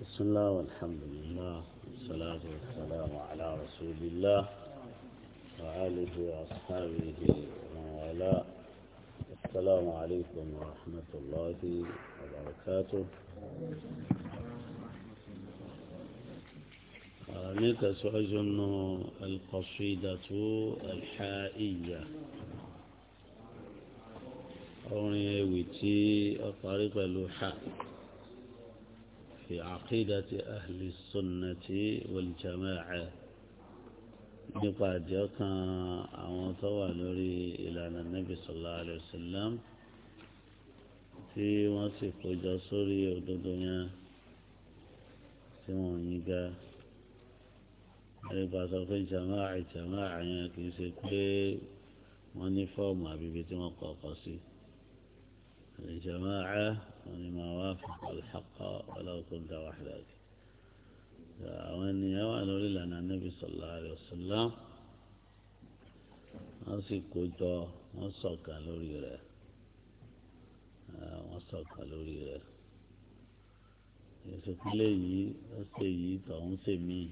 بسم الله والحمد لله والصلاة والسلام على رسول الله وعاله وأصحابه ومن والاه السلام عليكم ورحمة الله وبركاته نيكا سؤال القصيدة الحائية أو نيويتي الطريق الحائي في عقيدة أهل السنة والجماعة نقاد يقع عمطوى إلى النبي صلى الله عليه وسلم في وصف جسوري ودنيا سمون يقع nípa sọ pé jama'a jama'a yẹn kì í ṣe pé wọ́n الجماعة لما وافق الحق ولو كنت وحدك فأولي يوأل لنا النبي صلى الله عليه وسلم أصيب كنت وصوك لوري وصوك لوري يسوك لي أسيي تهم سمي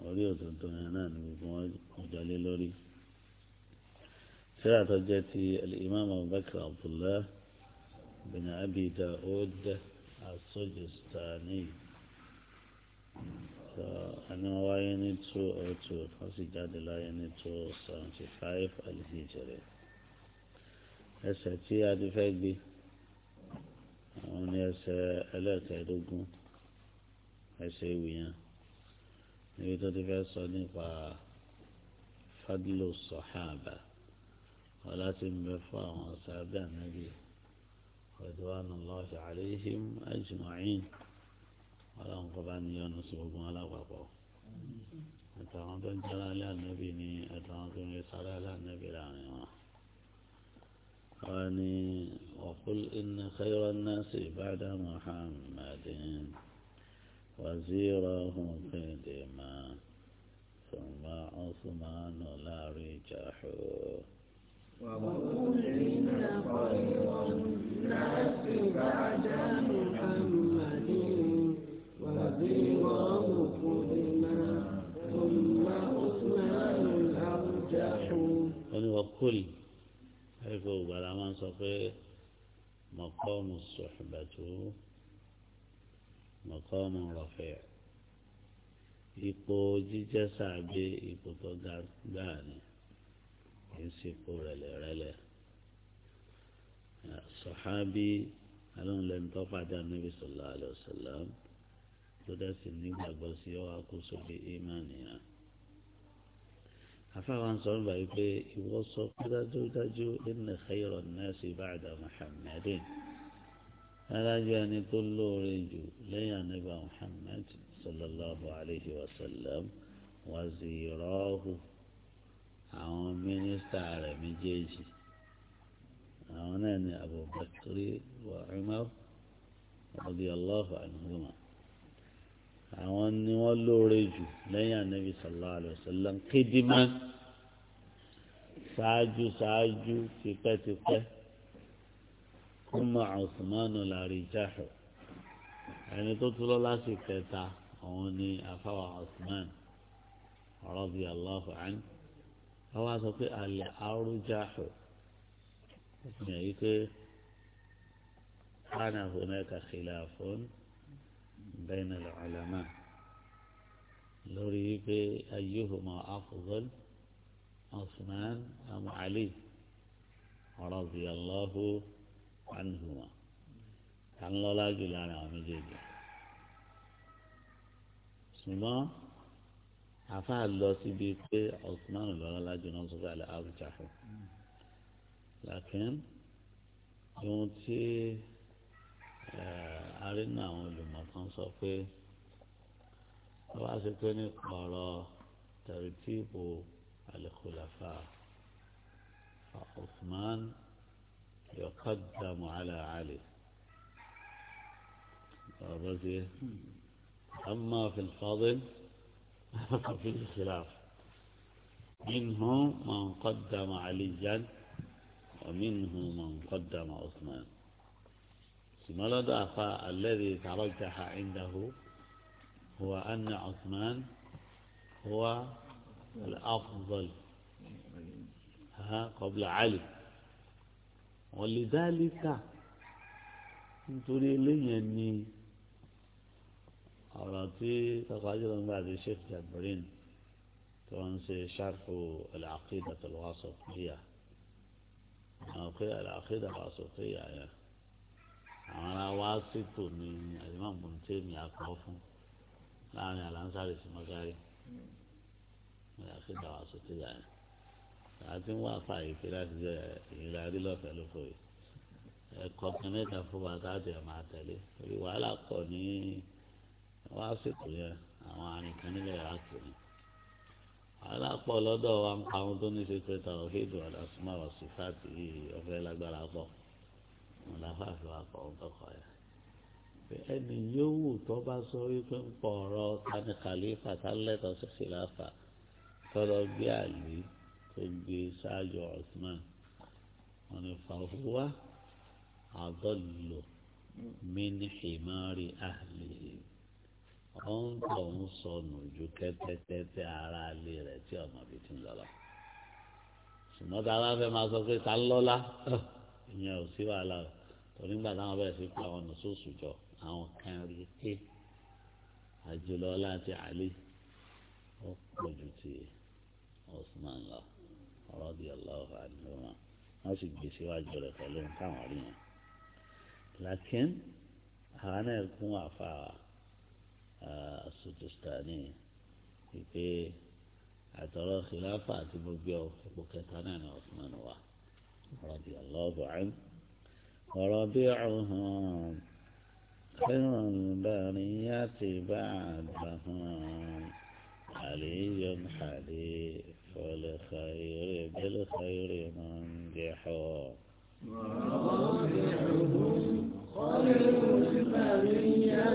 أولي وتنتهي أنا نبي كنت لوري شرع حجتي الإمام أبو بكر عبد الله بن أبي داود السجستاني أنا وين تو أو تو خاصي جاد لا يعني تو سانتي فايف الهجرة أسأتي هذا فايت بي أنا أسألك أدوكم أسأويا نبي تدفع صديقا فضل الصحابة ọlá tí ń bẹ fún àwọn sábẹ́ ànábì ọ̀dọ́wánà lọ́ọ̀ṣà àríhìm ẹ̀jùmọ̀ọ́yìn ọlọ́run kọ́ bá níyọnu sí ogun alápapọ̀ àtàwọn tó ń jára alẹ́ ànábì ni àtàwọn tó ń rí sára alẹ́ ànábì láàrin wọn. wọ́n وقل إن خير الناس بعد محمد وزيره قدما ثم عثمان لا رجحوا وكلن خير الناس بعد محمد وزيره قدما ثم عثمان الأرجح وكل حيث بلعمان صفيه مقام الصحبة مقام رفيع ipò jíjẹ́ sàbẹ̀ ipò tó ga gbáà ni kì í sì kó rẹ̀lẹ̀ rẹ̀lẹ̀ sọ̀hábí alóhùn lẹ́nu tó pàdé ànábì sọ̀lá àlọ́sọ̀lá tó dẹ́sì nígbàgbọ́ sí ọwọ́ akó sókè ìmánì yẹn. afáwọn sọ nígbà yìí pé ìwọ sọ pé dájúdájú inna khayra an-nasi ba'da muhammadin alájọ ẹni tó lóore jù lẹ́yìn ànábì muhammad sallallahu alayhi wa sallam wàzìrọ́hùn àwọn mínísítà rẹ̀ méjèèjì àwọn náà ni Abubakar wa Umar radiyallahu anhuma àwọn ni wọ́n lóore jù lẹ́yìn anabi sallallahu alayhi wa sallam kédìmá ṣáájú ṣáájú tipẹ́tipẹ́ kúmọ̀ Usmanu làrìjáhù ẹni tó tún lọ lásìkò kẹta òun ni afáwà Usman radiyallahu anhu wọ́n wá sọ pé àlẹ́ arújáfẹ́ ìyẹn yìí pé kánà hunaka khilafun bayna al-ulama lórí wípé ayyuhuma afdal Uthman am Ali radiyallahu anhuma kan lọ́lá jù àwọn méjèèjì ṣùgbọ́n. àfáà si síbi pé Osman lọ́rọ́ lájú náà sọ pé àlẹ́ àrùjá fún lakin ohun ti ari na arínú àwọn sɔ sọ pé wọ́n wá sí ni pé nípa ọ̀rọ̀ tẹ̀rìtìbù al-khulafa Uthman mu ala Ali ọ̀rọ̀ bá ti أما في الفاضل فقط في الخلاف منهم من قدم عليا ومنهم من قدم عثمان ثم لدى الذي ترجح عنده هو أن عثمان هو الأفضل ها قبل علي ولذلك انتوني لي يعني ọ̀rọ̀ tí tọ́kọ̀jú ló ń bá di sheikh jabrin tó ń ṣe ṣàkó al-aqida al-wasatiyya àwọn pé al-aqida al-wasatiyya yẹn àwọn ará wá sípò ní alimam bùntẹ́mi akọ fún láàrin alansari sí magari al-aqida al-wasatiyya yẹn àti wọn afa ìpè láti jẹ ìlera rí lọ́fẹ̀ẹ́ lóko yìí ẹ̀kọ́ kẹ́mẹ́ta fún wa káàdì ẹ̀ máa tẹ̀lé torí wàhálà pọ̀ ní wọ́n á ṣètò yẹn àwọn àrùn kan nílẹ̀ àti ní. wàhálà pọ̀ lọ́dọ̀ wa ń pa àwọn tó ní ṣètò ìtàwọn kéèdù àdásùmá wà sí fáàtì yìí ọ̀fẹ́ lágbára pọ̀ wọn láfààfin wa pọ̀ ń tọkọ yẹn. ẹni yòówù tó bá sọ wípé ń pọ̀ ọ̀rọ̀ tani kàlífà tálẹ́tọ̀ sí tọ́lọ gbé àlè tó gbé ṣáájú Usman wọn ni fàhùwà àdọ́lò mí ní ìmọ̀ọ́rì àhìlì yìí wọ́n ń tọ̀ ń sọnù ju kẹ́tẹ́kẹ́tẹ́ ara lé rẹ̀ tí ọmọ bíi ti ń lọ́lọ́ ṣùgbọ́n tá a bá fẹ́ máa sọ pé ta lọ́lá ìyẹn ò sí wàhálà o torí nígbà táwọn bẹ̀rẹ̀ sí pa àwọn nùsùsù jọ àwọn kan rí pé àjùlọ láti àlè ó pọ̀ ju ti Osman lọ radiyallahu anhu wọ́n sì gbé síwájú rẹ̀ pẹ̀lú nǹkan àwọn rí yẹn làkín àwọn náà kún àfa wa. السودستاني في اعتراض خلافات مبيو بكتانين عثمان رضي الله عنه وربيعهم خير البرية بعدهم علي حليف الخير بالخير منجح وربيعهم خير البرية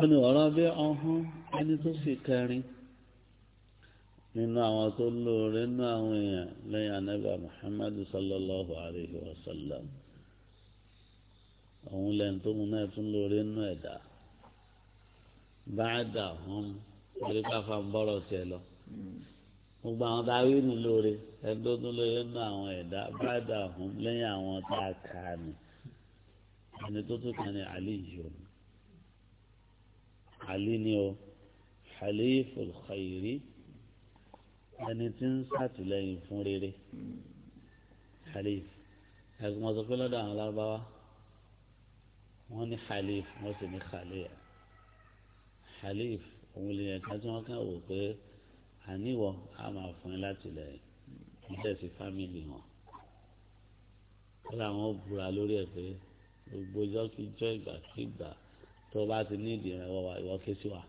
wọ́n ní ọ̀rọ̀ bí ọ̀hún ẹni tó sì kẹrin nínú àwọn tó lóore nínú àwọn èèyàn lẹ́yìn anábà Muhammad sallallahu alayhi wa sallam òun lẹ́yìn tó mú náà tún lóore nínú ẹ̀dá báàdà hàn torí káfà ń bọ̀rọ̀ tiẹ̀ lọ gbogbo àwọn tá a rí nù lóore ẹni tó tún lóore nínú àwọn ẹ̀dá báàdà hàn lẹ́yìn àwọn tá a kà á nù ẹni tó tún kàn ní àlè òun àlí ni o haliful khayri ẹni tí ń ṣàtìlẹ́yìn fún rere halif ẹgbẹ́ wọn sọ pé lọ́dọ̀ àwọn lárúbáwá wọ́n ní halif wọ́n sì ní khaliya halif òun lè yẹn ká tí wọ́n kàn wò pé àníwọ̀ á máa fún ẹ látìlẹ́yìn níbẹ̀ sí fámìlì wọn ó làwọn búra lórí ẹ̀ pé gbogbo ìjọ́kíjọ́ ìgbàkígbà tó o bá ti ní ìdí ìrànwọ́ wa ìwọ ké sí wa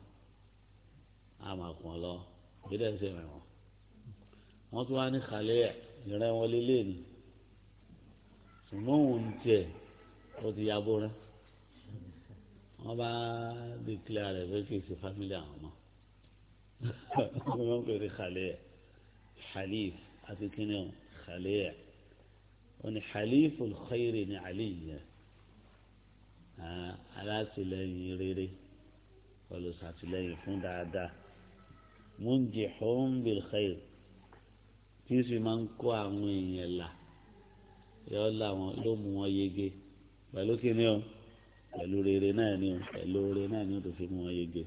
a máa kàn lọ bí dẹ́n ṣe rẹ̀ wọ́n. wọ́n tún wá ní kàlẹ́ ẹ̀ ìrẹ́ wọn lélẹ̀ ni ṣùgbọ́n òun tiẹ̀ ó ti ya bó rán wọ́n bá dìkìlá rẹ̀ pé kì í ṣe fámìlì àwọn ọmọ wọ́n pè ní kàlẹ́ xalif àti kíni ọ̀ kàlẹ́ ẹ̀ ní xalif olùkọ́yèrè ní àlẹ́ yìí yẹn alátìlẹ́yìn rere olùsàtìlẹ́yìn fún dáadáa múnjẹ hóńbìl xeyr tí sì máa ń kó àwọn èèyàn là yọ làwọn ló mú wọn yege pẹ̀lú kíni o pẹ̀lú rere náà ni o pẹ̀lú rere náà ni o tó fi mú wọn yege.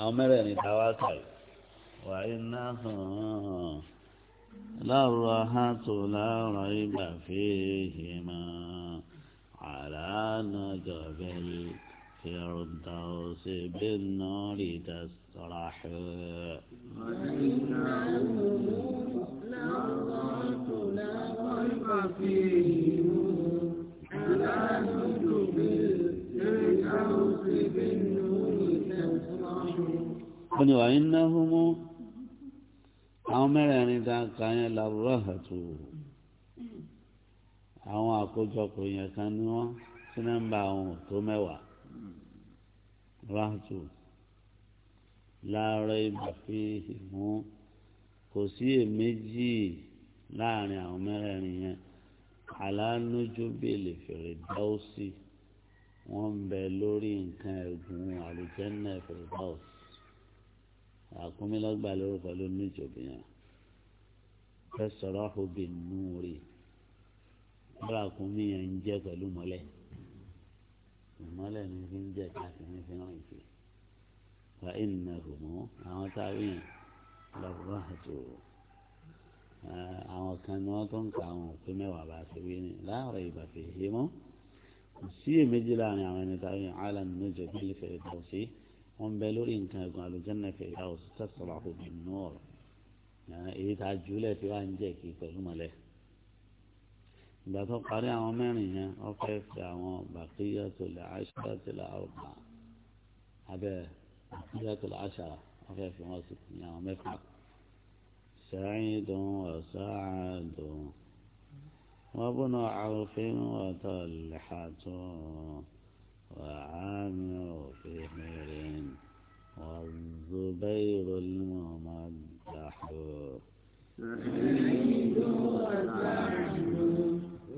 àwọn mẹ́rẹ̀ẹ̀rin ta wá kàyé wà iná hàn láàrú ahátó láàrú ibà fèèyí. واستوصي بالنار تسرح وإنه مطلقات لا ريب فيه على نجوم وإنهم àwọn mẹ́rẹ̀ẹ̀rin dáńkà yẹn làwùrọ̀hà tó àwọn àkójọpọ̀ yẹn kan ní wọ́n tí nọ́mbà ráàtù láàárọ̀ ibà fi mú kò sí èméjì láàrin àwọn mẹ́rẹ̀ẹ̀rin yẹn alánújú bèlè fèrè dáwọ́sì wọ́n ń bẹ lórí nǹkan ẹ̀gùn àlùjẹ́nà fèrè dáwọ́sì àkúnmílọ́gbà lórí pẹ̀lú níjòbìyàn fẹsọ̀rọ̀ àhóbì nù rí bọ́lá àkúnmí yẹn ń jẹ́ pẹ̀lú mọ́lẹ̀ ìmọ́lẹ̀ ní fi ń jẹ́ káàkiri ní fi ràn ìfẹ́ fa ìnà rùmọ́ àwọn táwí lọ́wọ́ àtò àwọn kan ni wọ́n tó ń ka àwọn òpin mẹ́wàá bá ti wí ni láàárọ̀ ìgbà fi ṣe mọ́ kò sí èméjì láàrin àwọn ẹni táwí àlà nínú ìjọba ilé fèrè dáwọ̀sí wọ́n bẹ lórí nǹkan ẹ̀gbọ́n àlùjẹ́nà fèrè dáwọ̀sí tẹ̀sán àkóbì nù ọ̀rọ̀ èyí tá a jùlẹ̀ tí wàá ń jẹ́ kí pẹ̀lú mọ́lẹ̀ دفو قرية ومانيها وقف دعوه بقية العشرة الأربعة هذا بقية العشرة وقف مصر يا ومفعل سعيد وسعد وابن عوف وطلحة وعامر في حمير والزبير الممدح سعيد وسعد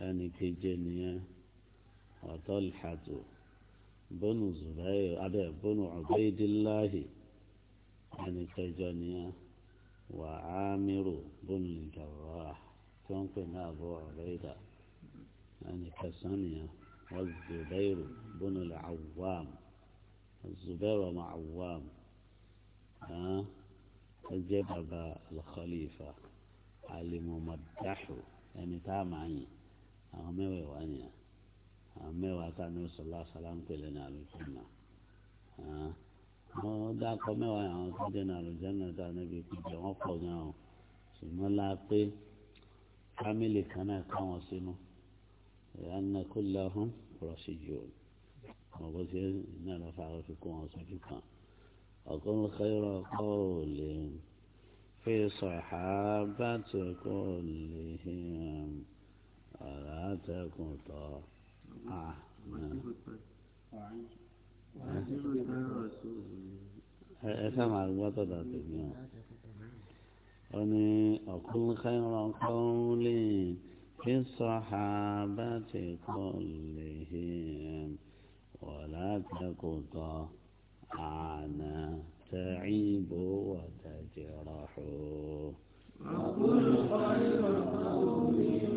يعني كيجنيا وطلحة بن زبير أبي بن عبيد الله يعني كيجنيا وعامر بن الجراح تنقل أبو عبيدة يعني كسانيا والزبير بن العوام الزبير مع عوام ها الجبابة الخليفة الممدح يعني تامعين àwọn mẹ́wẹ̀ẹ̀wá nìyẹn àwọn mẹ́wàá tá a ní sọlá sàlám pèlè ní àlùjànnà wọn dákọ mẹ́wàá yẹn àwọn tó dé ní àlùjànnà tá a níbi ìpìlẹ̀ wọn pọ̀ gan o ṣùgbọ́n la pé fámìlì kan náà ká wọn sínú ìyá nínú kó lọ́hún rọ̀ṣì jù ọ́ ọ̀bọ̀ sí náà lọ́fà àwọn fi kó wọn sójú kan ọ̀gbọ́n kẹ́rọ kọ́ ò lè fi sọ̀hábà tó kọ́ ò lè hìn. أراتكم طاعة ẹ̀ka máa gbọ́ tọ̀dà tèmi ọ̀ ọ ní ọ̀kúnlẹ̀ káyọ̀rọ̀ kan lè fi sọ ha bá ti kọ́ lè he wọ̀ látẹ̀kọ̀ tọ̀ àná tẹ̀yìnbó wà tẹ̀jẹ̀ rọ̀ ọ̀kúnlẹ̀ káyọ̀rọ̀ kan lè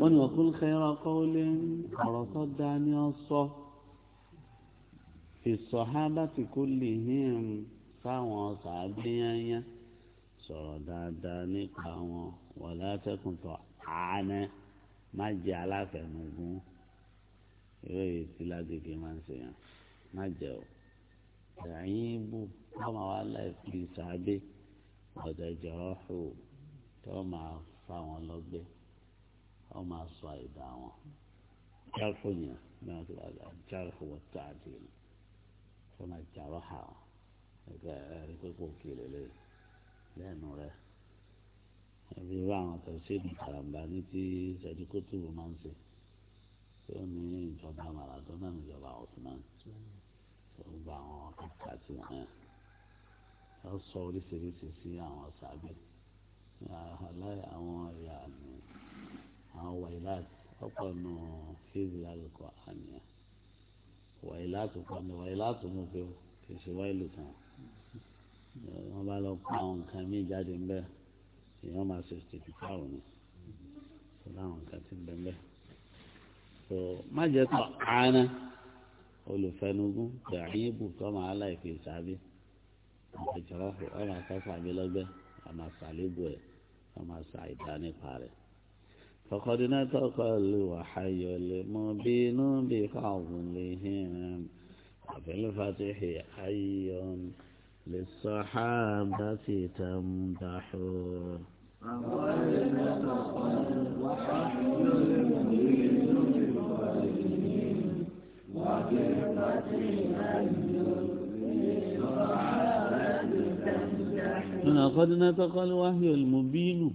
wọ́n ní ọ̀kúrú kẹrọ kọ́ọ́lé ọ̀rọ̀ tó dá ní ọ̀sọ́ ìsọ̀hábà tí kò lè ní ẹ̀rù sáwọn sàbíyányá sọ̀rọ̀ dáadáa nípa wọn wọ́n látẹ̀kùn tó àánẹ́ má jẹ́ aláfẹ̀mọ́gún eré ìsíládìgì máa ń ṣe má jẹ́ o ẹ̀yìn bù tó máa wá láìpẹ́ sàábé ọ̀dẹ̀jọ́ ọ̀hù tó máa fa wọn lọ́gbẹ́ ó máa sọ àìdá wọn jáfù yẹn náà tó wà lá jáfù wọ́n tó àdé ni tó máa jàrọ̀ hà wọn ẹgbẹ́ ẹ̀rí pípọ̀ kiri lé lẹ́nu rẹ̀ ẹbí wá àwọn kan sí ní karambà ní ti sẹ́dúkútù máa tí ó ní ìjọba Maradona ní ìjọba Osman ó gba àwọn kàkà sí wọn yẹn ó sọ oríṣiríṣi sí àwọn sàbẹ̀ àwọn ẹ̀yà àmì àwọn wàhálàtì ọ̀pọ̀ nù fíìsì àlùkò àníyàn wàhálàtì pọ̀ ní wàhálàtì mú pé kì í ṣe wáìlù tán wọ́n bá lọ pa àwọn nǹkan míì jáde ń èèyàn máa ṣe tètè káwọn ni láwọn nǹkan ti ń bẹ́ ń bẹ́ so má olùfẹnugún tẹ̀hìnbù tọ́mọ aláìfi ìsàbí àtẹ̀jọ́rọ́ ọmọ akásàbí lọ́gbẹ́ ọmọ àsàlébù ẹ̀ ọmọ àsà ìdánipa rẹ̀. فقدناك قل وحي المبين بفضلهم وفي الفتح حي للصحابة تمدح فقدناك قل وحي المبين بفضلهم Nínú àkọ́dé náà tọ́kọ́ ló wáyé olùmọ̀bínú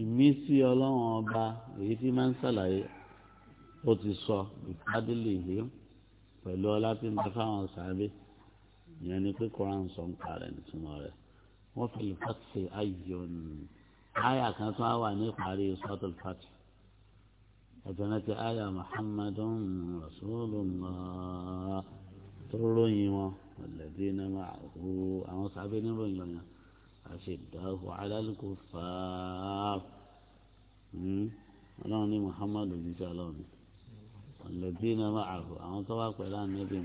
ìmísí ọlọ́run ọba èyí tí máa ń ṣàlàyé ó ti sọ ìpádìlì yìí pẹ̀lú ọlá tí ń bẹ fáwọn sáré ìyẹn ni pé koran sọ ń parẹ́ nítumọ̀ rẹ̀ wọ́n fi lè fàtì ayọ̀ nù. Áyà kan tún á wà ní ìparí sọ́tò fàtì. تعالى محمد رسول الله ترلوا والذين معه أنا أصحاب الرجل أشده على الكفار ألاني محمد إن شاء الله والذين معه أصحاب النبي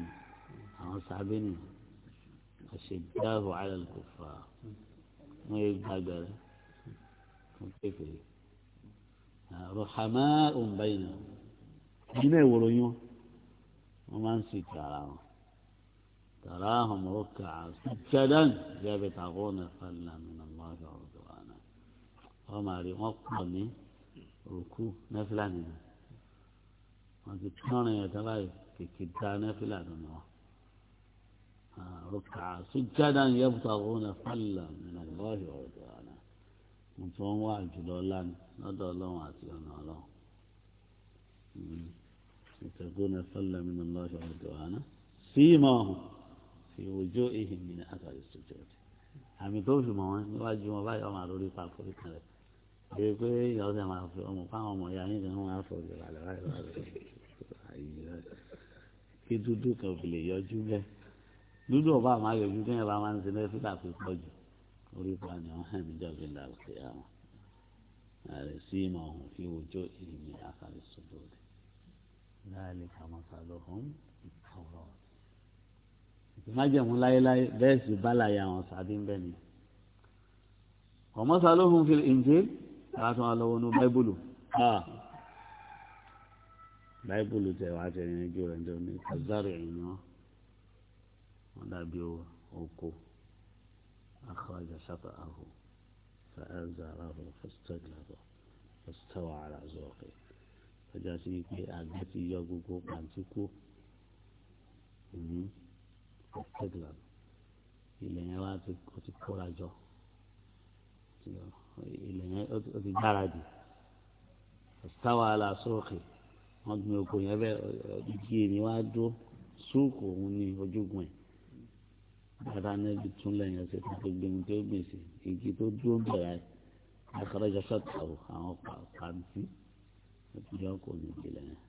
أصحاب أشده على الكفار ما يبغى ذلك كيف رحماء بينهم بنا ورنيو ومن سيكاراو تراهم ركعا سجدا يبتغون فلا من الله ورضوانا وما لمقبلني ركوع نفلا منه وانت كان يتلاي كتا نفلا منه ركعا سجدا يبتغون فلا من الله ورضوانا mo tó ń wá jùlọ lánàá lọ́dọ̀ ọlọ́run àti ọ̀nà ọlọ́run hmm. ìtẹ̀gbọ́n ẹ̀fọ́lẹ̀ mi lọ ṣe ọ̀dọ̀ àná sí ìmọ̀ ọ̀hún fi ojú ìhìn mi ní àtàrí ìṣòjọ́ àmì tó fi mọ̀ wọ́n níwájú wọn báyọ̀ máa lórí papọ̀ ìkàlẹ̀ èyí pé ìyá ọ̀sẹ̀ máa fi ọmọ fáwọn ọmọ ìyá yín kan máa fọ̀ ìrọ̀lẹ́ láì láì kí dúdú kan fi lè yọjú bẹ́ẹ̀ dúdú ọba orípa ni wọn hàn mí jọgbìn lálùkì àwọn ààrẹ sí ìmọ̀ ọ̀hún fi wojó ìlìmí àkàrí sódòdì láàlì kàmọ́sálò hàn ìtàwọ̀ ìmájẹ̀mú láéláé bẹ́ẹ̀ sì bálàyé àwọn sàbí ń bẹ̀ ni kàmọ́sálò hàn fi Injil láti wọn lọ́wọ́ ní báíbùlù báíbùlù tẹ̀ wá tẹ̀ ní ẹjọ́ rẹ̀ ní kàzárì ìnáwó wọn dàbí oko. شطأه فأزاره فاستجلب فاستوى على زوقه فجاء سيكي أجتي يغوغو قانتكو فاستجلب ilẹ̀ yẹn wá ti kóra jọ ilẹ̀ yẹn ó ti gbáradì táwa la sóòkè wọ́n gbin oko yẹn bẹ́ẹ̀ ìdí èmi wá dúró súùkù òun ní ojúgun ẹ̀ bàtà níbi tún lẹ́yìn ọ̀sẹ̀ tó gbẹ̀mí tó gbìn sí igi tó dúró bẹ̀rẹ̀ akọ̀rọ̀jọ sọ̀tàwò àwọn pàǹtí ìjọ kò ní ìjìnlẹ̀ yẹn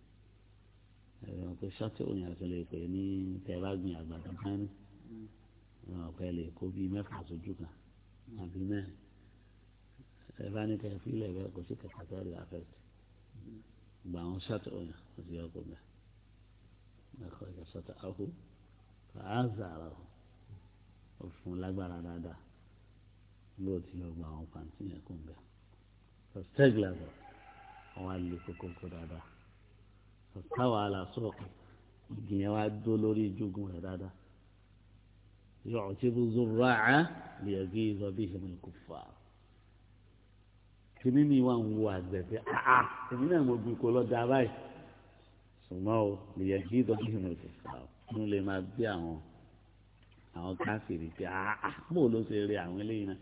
ẹ̀rọ pé sọ́tì òyìn àti lè pè ní tẹ́ bá gbin àgbàdo mẹ́rin ẹ̀rọ pé lè kó bíi mẹ́fà sójú kan àbí mẹ́rin ẹ bá ní kẹfì ilẹ̀ bẹ́ẹ̀ kò sí kẹfà tó rí àfẹ́tì gbà wọn sọ́tì òyìn àti ìjọ kò bẹ́ẹ̀ ó fún lágbára dáadáa lóòótọ́ yóò gba àwọn pàǹtí yẹn kún bẹ́ẹ̀ sọ́tẹ́gìlàbọ̀ àwọn alẹ́ kókó kó dáadáa sọ́táwà aláṣọ́ọ̀kù igi yẹn wá dó lórí ìjúgun rẹ̀ dáadáa yóò ti bú zoro àá lè gbé ìzọ bí ìṣẹ̀mọ̀ kò fà á. kìnní ni wà ń wo àgbẹ̀ pé àá ah, ah, èmi náà mo gbé kó lọ da báyìí ṣùgbọ́n o lè gbé ìzọ bí ìṣẹ̀mọ̀ kò fà á. mo lè máa gbé àwọn àwọn káfíìrì pé àá ah, ah, bó ló ṣe rí àwọn eléyìí náà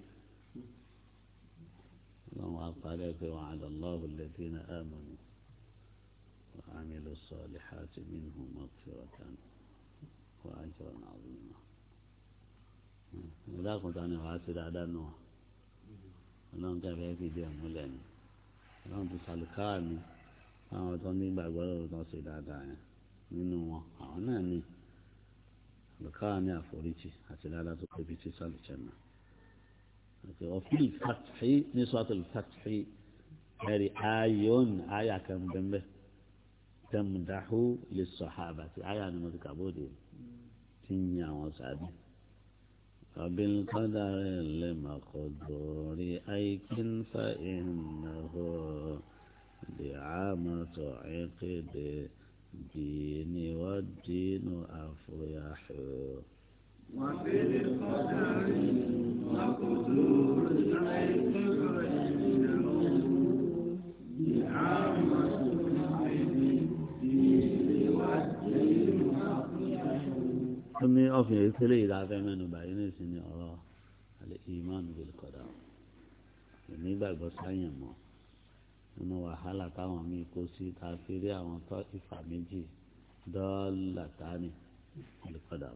ọlọ́run apàdé pé wọn àdàlọ́ọ̀bù lẹ́tí ní àmọ́nù wọn àmì ló sọ ọ́ lè ha ti mí nù mọ́ pé ọ̀tá nù wọn á jọ ọ̀nà àwọn ìmọ̀ ìdákùntà ni wàá ṣe dáadáa nù wọn ọlọ́run kẹfẹ́ fìdí ẹ̀ múlẹ̀ ni ọlọ́run ti sàlùkáà mi àwọn tó ní ìgbàgbọ́ lọ́wọ́ tó ṣe dáadáa yẹn nínú wọn àwọn náà ní. مكان فوريتي حتلا لا تقبيتي سال الجنة وفي الفتح نصوة الفتح هذه آي آية كم دمه تمدح للصحابة آية المتكبود تنيا وسعد فبالقدر لمقدور أيك فإنه لعامة عقبه الدين والدين أفلح وفي القدر وقدور العين بينهم نعمة ó ní ọ̀fìn èyí tẹ́lẹ̀ ìdáfẹ́ mẹ́nu báyìí ní ìsinmi ọ̀rọ̀ àlẹ́ ìmánu bíi kọ̀dà ìnígbàgbọ́ nínú wàhálà táwọn míì kó sí ta fi rí àwọn tó ìfà méjì dọ́là tání àlùkọ́dà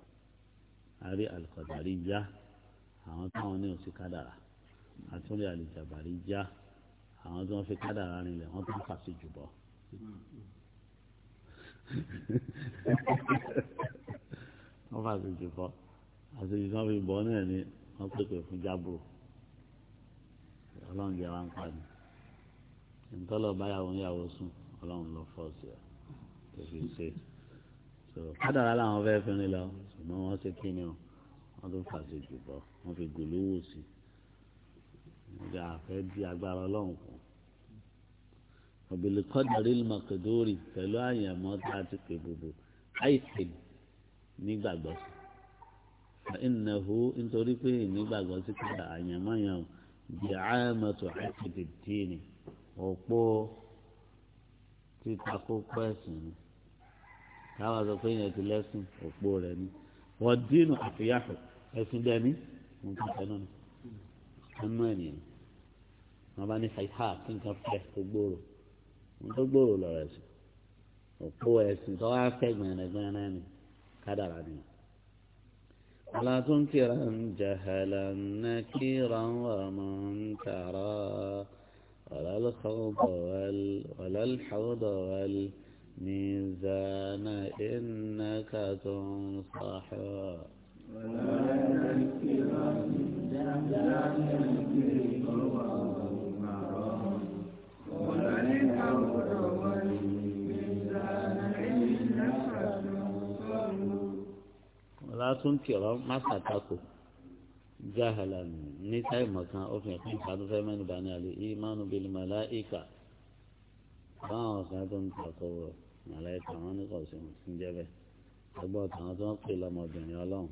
a rí àlùkọ́dà rí já àwọn táwọn ní òsì kádàrà àtúndì àlùjàbà rí já àwọn tí wọ́n fi kádàrà rinlẹ̀ wọ́n tó fà sí jùbọ́ wọ́n fà sí jùbọ́ àti wọ́n fi bọ́ náà ni wọ́n pèpè fún jábùrù ọlọ́run jẹ́ wa ń pa ni ntọ́lọ̀ báyàwó yàwó sùn ọlọ́run ló fọ́ sí ẹ tó fi ṣe so kádàrá làwọn fẹ́ fi rìn lọ ṣùgbọ́n wọ́n ṣe kí ni o wọ́n tún fà sí jùbọ́ wọ́n fi gòlówó sí ìgbà àfẹ́ di agbára ọlọ́run kù ọ̀bìlì kọ́dàrí mọ̀kẹ́dórì pẹ̀lú àyẹ̀mọ́ tá a ti pè gbogbo àìsè nígbàgbọ́ sí ìnáwó nítorí pé ìnígbàgbọ́ sí pé àyẹ̀mọ́ yẹn bí àmọ́tò àìsè dìde ni òpó títa kókó ẹ̀sìn ni káwa sọ pé yẹn ti lẹ́sìn òpó rẹ̀ ni wọ́n dínú àfihàn ẹ̀sìn dẹ́ni nǹkan tẹ̀nu ni ẹnu ẹ̀nìyàn wọn bá ní ṣàìhà kí nǹkan fẹ́ tó gbòòrò wọn tó gbòòrò lọ́rọ̀ ẹ̀sìn òpó ẹ̀sìn tó wá fẹ́ gbẹ̀rẹ̀gbẹ̀rẹ̀ ni kádàrà nìyẹn. ولا تنكرا جهلا نكيرا ومنكرا ولا الخوض وال ولا الحوض والميزان إنك تنصح ولا ولا الحوض تنكر ما ستكون jahala ní táìmọ̀ kan ó fi hàn ká tó fẹ́ mẹ́nu bá ní àlè ìmánu bil màláìkà báwọn kan tó ń takò màláìkà wọn ní kò sí ní jẹ́bẹ̀ ẹgbọ́n tàwọn tó ń pè lọ́mọbìnrin ọlọ́run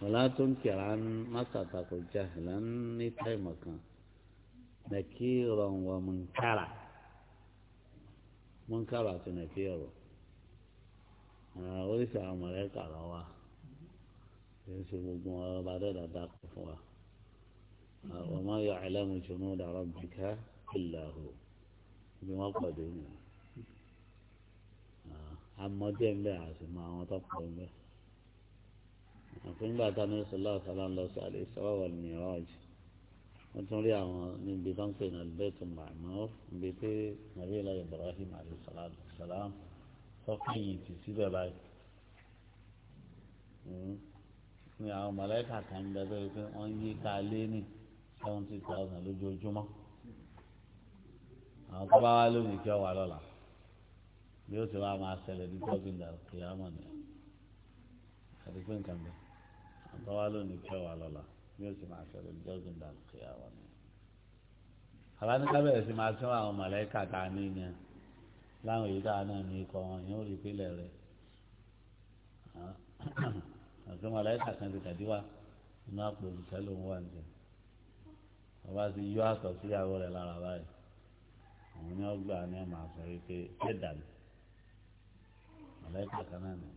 wọlá tó ń kẹ̀rà mọ́sàtàkù jahala ní táìmọ̀ kan nàkí rọrùn wọ mọ̀nkárà mọ̀nkárà àti nàkí ọ̀rọ̀ oríṣi àwọn mọ̀lẹ́kà lọ́wọ́ kì í ṣe gbogbo wọn ọba dẹ́dà dákọ̀ fún wa wa ma ya'lamu junuda rabbika illa hu bí wọ́n pọ̀ dé nù amọ́dé ń bẹ̀ àti mọ àwọn tó pọ̀ ń bẹ̀ àfihàn bàtà ní sọlá ọ̀sálà ń lọ sí àlè ìṣọ́wọ́ wà ní ìrọ́jì wọ́n tún rí àwọn níbi tó ń pè ní albẹ́tù màmúr níbi tí nàbílá Ibrahim alayhisalaam tó fẹ̀yìntì síbẹ̀ báyìí. Hmm ni àwọn mọ̀lẹ́kà kan bẹ tó yẹ pé wọ́n yí ká lé ní seventy thousand lójoojúmọ́ àwọn tó bá wá lónìí kí ọ wà lọ́la bí ó ti wá máa ṣẹlẹ̀ ní tọ́gbìn dà kí á mọ̀ ní àti pé nǹkan bẹ àwọn tó wá lónìí kí ọ wà lọ́la bí ó ti máa ṣẹlẹ̀ ní tọ́gbìn dà kí á mọ̀ ní. àbáníká sí máa tún àwọn mọ̀lẹ́kà tá ní yẹn láwọn èyí tá a náà ní ikọ̀ wọn yóò rí pílẹ̀ rẹ̀ pé màláìka kan ti tàdí wa inú àpò òṣìṣẹ́ ló ń wà níjẹ́ wọ́n bá ti yọ àtọ̀ sí ìyàwó rẹ̀ lára báyìí òun ni wọ́n gbà ní ọmọ àṣọ wípé ẹ̀dà ni màláìka kan náà ni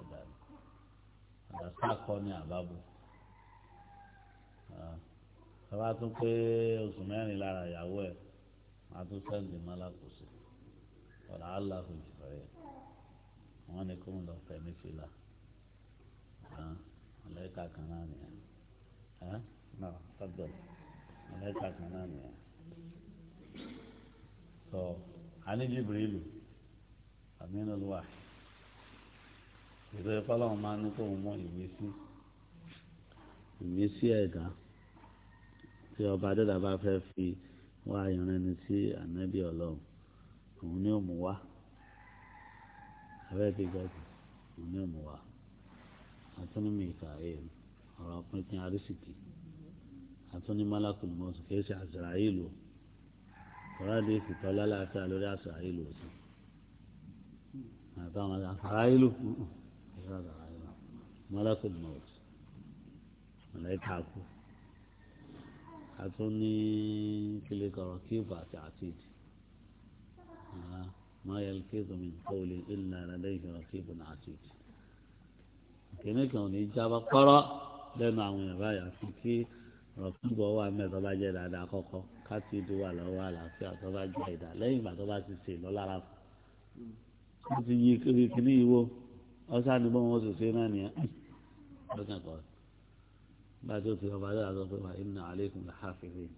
ẹ̀dà ni àdàsá kọ́ ni àbábò bàbá tún pé oṣù mẹ́rin lára ìyàwó ẹ̀ máa tún sẹ́ǹdì mọ́lákòsí ọ̀là aláhùn ìfẹ́ rẹ̀ wọ́n ní kó ń lọ fẹ̀mí fìlà kan mọ̀lẹ́kà kan náà nìyẹn ẹ́ nà tọ́gbẹ̀ mọ̀lẹ́kà kan náà nìyẹn tó ani jibrilu aminu luwa ìtòyè fọlọ́run máa ní kó o mọ ìmísí ìmísí ẹ̀dá tí ọba dẹ́dà bá fẹ́ fi wá ìrìn ni sí ànábì ọlọ́run òun ni ó mú wá abẹ́ẹ̀dẹ́gbẹ́sì òun ni ó mú wá. أتوني ميكائيل أرابنتي إيه، عرسكي أتوني ملك الموت كيسي عزرائيل فرادي في طلال أتالو لي عزرائيل أتوني عزرائيل ملك الموت ملائكة عفو أتوني كلي كراكيب أتي آه، ما يلفظ من قول إلا لديه رقيب عتيد kìnní kan ò ní jábọ́ kọ́rọ́ lẹ́nu àwọn èèyàn báyà fi tí rọ̀kúbọ̀ wà mẹ́ tó bá jẹ́ dáadáa kọ́kọ́ káti ìdú wà lọ́wọ́ àlàáfíà tó bá jẹ́ ìdá lẹ́yìn ìgbà tó bá ti ṣe ìlọ́lára fún un ó ti yí kiri kìnní ìwo ọ̀sá ni bọ́n wọn sì ṣe náà nìyẹn lọ́sàn kọ́ bá tó ti ọba dára sọ pé wà inna alaykum la hafizin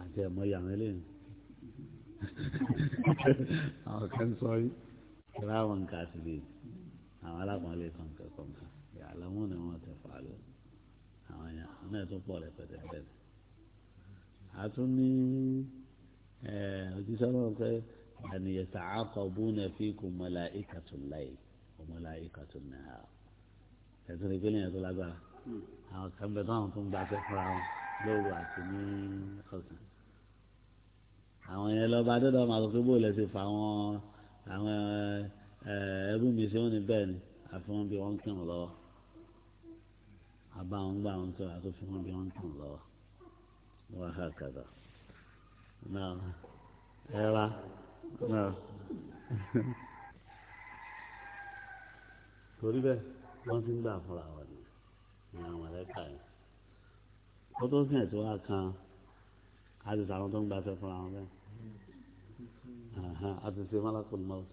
àti ẹ̀mọ́ yà wọ́n lẹ́yìn àwọn kan sọ yìí kí àwọn alágbọ̀nlé kọ̀ǹkà kọ̀ǹkà ìyàlámù ni wọ́n ti fà lọ àwọn yẹn náà tún pọ̀ rẹpẹtẹ bẹ́ẹ̀ a tún ní òjíṣẹ́ náà pé àníyàn sàákọ̀bù náà fi kù mọ́lá ìkàtúnláì mọ́lá ìkàtúnláà ẹ̀sùn ìpínlẹ̀ yẹn tó lágbára àwọn kan bẹ tó àwọn tó gba afẹ́ wọn lóru àti ní ọ̀sán àwọn yẹn lọ́ba dédọ́ máa sọ pé bóòlù ẹ̀ ti fa àwọn àwọn ẹ̀ẹ́ ẹbú eh, mi ṣe wọn ní bẹ́ẹ̀ ni àfi wọn bí wọn kàn lọ́wọ́ àbá wọn gbà wọn sọ àtúnfi wọn bí wọn kàn lọ́wọ́ wọn hà kàdà náà ẹ wá náà torí bẹ́ẹ̀ wọ́n ti ń gbà fúnra wọn ni ní àwọn ẹ̀ka yìí ó tó sìn ẹ̀tí wá kan á ti sàrán tó ń gbàṣẹ fúnra wọn bẹ́ẹ̀ àti ṣe málákùn mọ́ọ̀sì.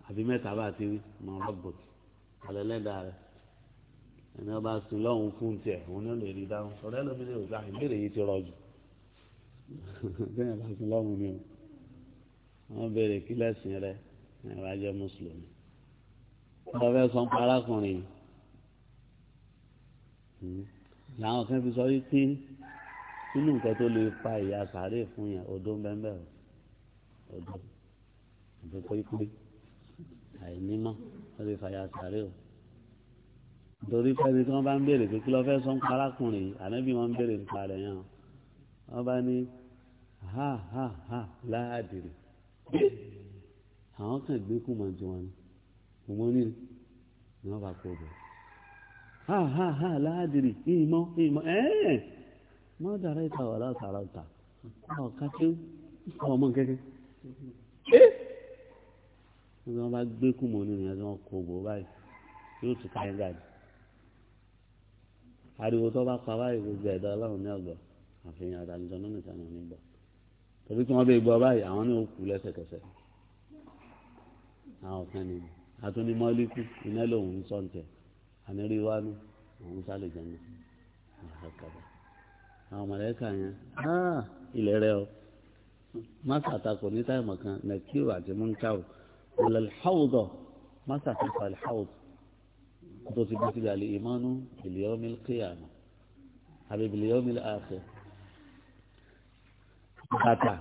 àbí mẹ́ta bá ti wí mọ rọ́bù alẹ́lẹ́dà rẹ̀ ẹni ọba sin lọ́hùn fún tiẹ̀ òun náà lè rí dáhùn ọ̀rẹ́ lómi lè gbà ah, ìbéèrè yìí ti rọ̀jù bẹ́ẹ̀ bá sin lọ́hùn mi o wọ́n béèrè kí lẹ́sìn rẹ ẹ̀ wá jẹ́ mùsùlùmí ọba fẹ́ sọ pa arákùnrin yìí hmm. làwọn kan fi sọ yìí pé nínú nǹkan tó lè pa ìyá sàárè fún yẹn odó bẹ́ẹ̀ bẹ́ẹ̀ odó àti pé pé àìnímọ̀ wọ́n ti fàyà sàré o torí fẹ́ni tí wọ́n bá ń béèrè pé kí ló fẹ́ sọ ń pa arákùnrin ànábì wọn ń béèrè nípa rẹ̀ yẹn wọ́n bá ní ha ha ha láàdìrì àwọn kan gbé kú mọ̀ tiwọn ni òun ní ni wọ́n bá kó bẹ̀ ha ha ha láàdìrì ìmọ̀ ìmọ̀ ẹ̀ẹ́ mọ́ dàrẹ́ ìta wà látara ọ̀tà ọ̀ka tí ọmọ kẹ́kẹ́ níbi wọn bá gbé kùmọ nínú yẹn tí wọn kò bò báyìí yóò tún káyọ jáde ariwo tó bá pa báyìí gbogbo ẹ̀dá ọlọ́run ní ọgbọ àfihàn àtàlùjọ náà nìkan ní onígbọ torí tí wọn bẹ gbọ́ báyìí àwọn ní òkú lẹ́sẹ̀kẹsẹ̀ àwọn kan ní atúní mọlíkù iná lòun ń sọǹtẹ ànírí wánú òun sálẹ jẹun àwọn mọlẹka yẹn ilẹ̀ rẹ o má sàtakò ní táìmù kan nàìjíríà àti múnkáwò. الحوض ما تعتقد الحوض كنت تقول الإيمان باليوم القيامة حبيب اليوم الآخر bàtà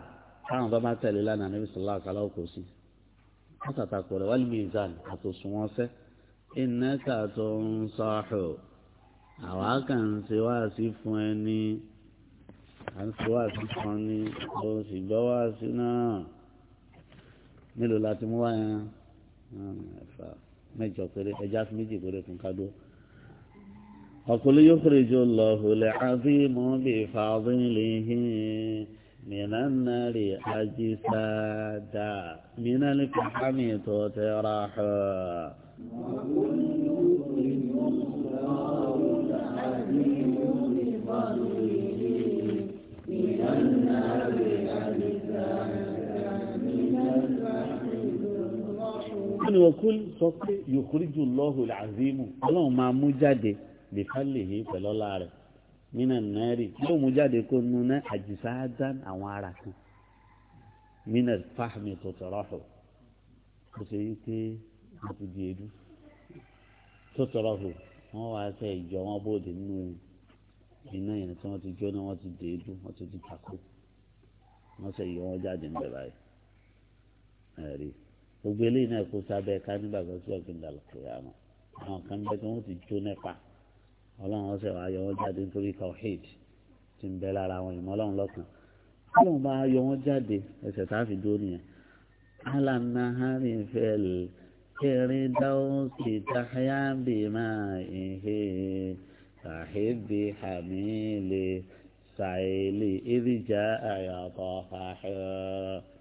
táwọn bá bá tẹ̀lé lánàá níbi sọ̀lá àkàlà òkò sí wọ́n tàtàkù rẹ̀ wálé mizan àtòsùn wọn fẹ́ iná kàtó ń sọ́ọ̀hù àwa kàn ń ṣe wá sí fún ẹni à ń ṣe wá sí fún ẹni ó sì gbọ́ wá sí náà mélòó la ti mú wáyà ẹ̀fà mẹ́jọ péré ẹja fún méjì péré fún kádó. ọ̀kùnrin ló yukhriju Allahu al-'azima bi fadlihi minan nari ajsada minal fahmi tutaraha. wọ̀kúl sọ pé yòkúrìjù lọ́hùn làzímù ọlọ́run máa mú jáde lè fálè yìí pẹ̀lọ́lá rẹ̀ nínà náírì yóò mú jáde kó nu ná àjùsáádán àwọn ara kan nínà fáhmi tòtòrọ́hù kò sí yí pé wọ́n ti di èédú tòtòrọ́hù wọ́n wá sẹ́ ìjọ wọn bóde nínú iná yẹn tí wọ́n ti jóná wọ́n ti di èédú wọ́n ti di kàkó wọ́n sẹ́ ìyọ́ wọn jáde ń bẹ̀ báyìí gbogbo eléyìí náà kó sábẹ́ ká nígbàgbọ́ sí ọ̀gbìn ìdàlùkọ̀yà mọ́ àwọn kan bẹ́ẹ̀ tí wọ́n ti jó nípa ọlọ́run ọ̀sẹ̀ wàá yọ wọ́n jáde nítorí tawhid ti ń bẹ lára àwọn ìmọ̀ ọlọ́run lọ́kàn ọlọ́run bá yọ wọ́n jáde ẹsẹ̀ tá a fi dúró nìyẹn alànà hàrin fẹ́ẹ̀lì kẹrin dáhùn sí táyàbì máa ìhe tàhíbi hàmílẹ̀ sàìlì ìrìjà àyàtọ̀ àhẹ́rẹ́.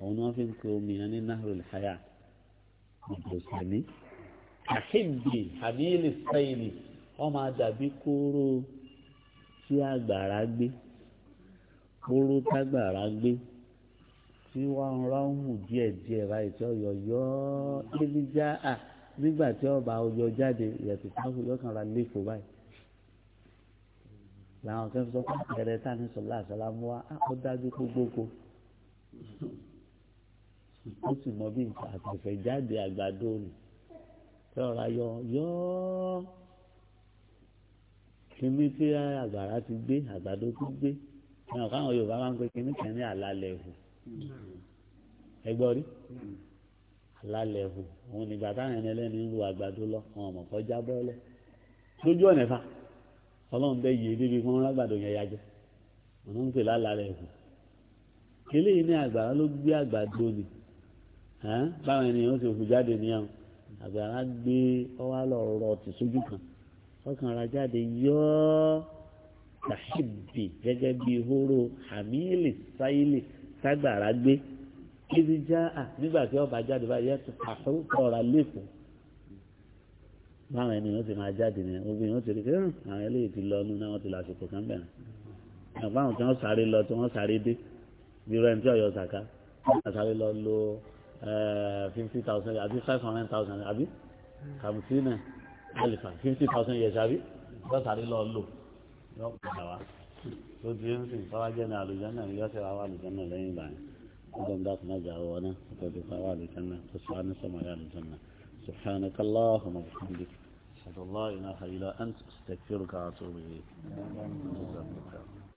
òun ni wọ́n fi ń pe omi yẹn ní nahrul haya gbogbo sẹ́ni. àkébì àbíyèlè sẹ́yìnì wọ́n máa dàbí kóró tí àgbàrá gbé kóró tágbàrá gbé tí wọ́n ń ráhùn díẹ̀díẹ̀ báyìí tí ọ̀yọ̀ yọ́ ẹ́líjà à nígbà tí ọba ọyọ jáde ìyàtọ̀ táwọn yọkàn ra léfò báyìí làwọn kan sọ pé ẹrẹ tá a ní sọlá àsálàmù ó dájú kó gbóko ó sì mọ bí nǹkan àtẹ̀fẹ̀jáde àgbàdo nì tí ọ̀rá yọ yọ́ọ́ kíní tí àgbàrá ti gbé àgbàdo ti gbé ẹnì káwọn Yorùbá máa ń pe kíní kan ní àlálẹ̀ ẹ̀hù ẹ gbọ́ rí àlálẹ̀ ẹ̀hù òun nígbà táwọn ẹni ẹlẹ́ni ń lu àgbàdo lọ àwọn ọmọ kan já bọ́ọ̀lẹ̀ lójú ọ̀nà fa ọlọ́run bẹ́ẹ̀ yé débi fún lágbàdo yẹn yájẹ́ òun ń pè lálálẹ̀ ẹ̀hù kílé ní àgbàrá ló gbé àgbàdo nì báwọn ènìyàn ó ti hù jáde nìyẹn àgbàrá gbé ọwá lọ rọ ti sójú kan ọkàn ara jáde yọ tàṣìbì gẹ́gẹ́ bíi hóró hàmílì sáílì ságbàrá gbé kíbi já à nígbà tí ọba jáde báyìí yẹ ti pàṣẹ ọ̀rá lẹ́kọ̀ọ́ báwọn ènìyàn ó ti máa jáde nìyẹn obìnrin ó ti rí pé àwọn eléyìí ti lọ nínú àwọn ti lọ àsìkò kan bẹ̀rẹ̀ àgbà àwọn tí wọ́n sáré lọ tí wọ́n sáré dé bí rẹ́ńtì ọ̀yọ́ sàká wọ́n sáré lọ lo. Eh, fifty thousand àbí five hundred thousand Abi. àbí kàmùtínà ẹlẹ́fà fifty thousand yẹ̀sẹ̀ àbí bọ́sàrí lọ lò yọ padà wá tó ti ń sìn fáwọn jẹ́nà àlùjáná ni yọ́sẹ̀ wá wà lùjáná lẹ́yìn ìgbà yẹn ọdún dákun náà jà wọ́n náà tó ti fáwọn àlùjáná tó sọ ánú sọmọ yà àlùjáná سبحانك اللهم وبحمدك أشهد الله إله إلا أنت أستغفرك وأتوب إليك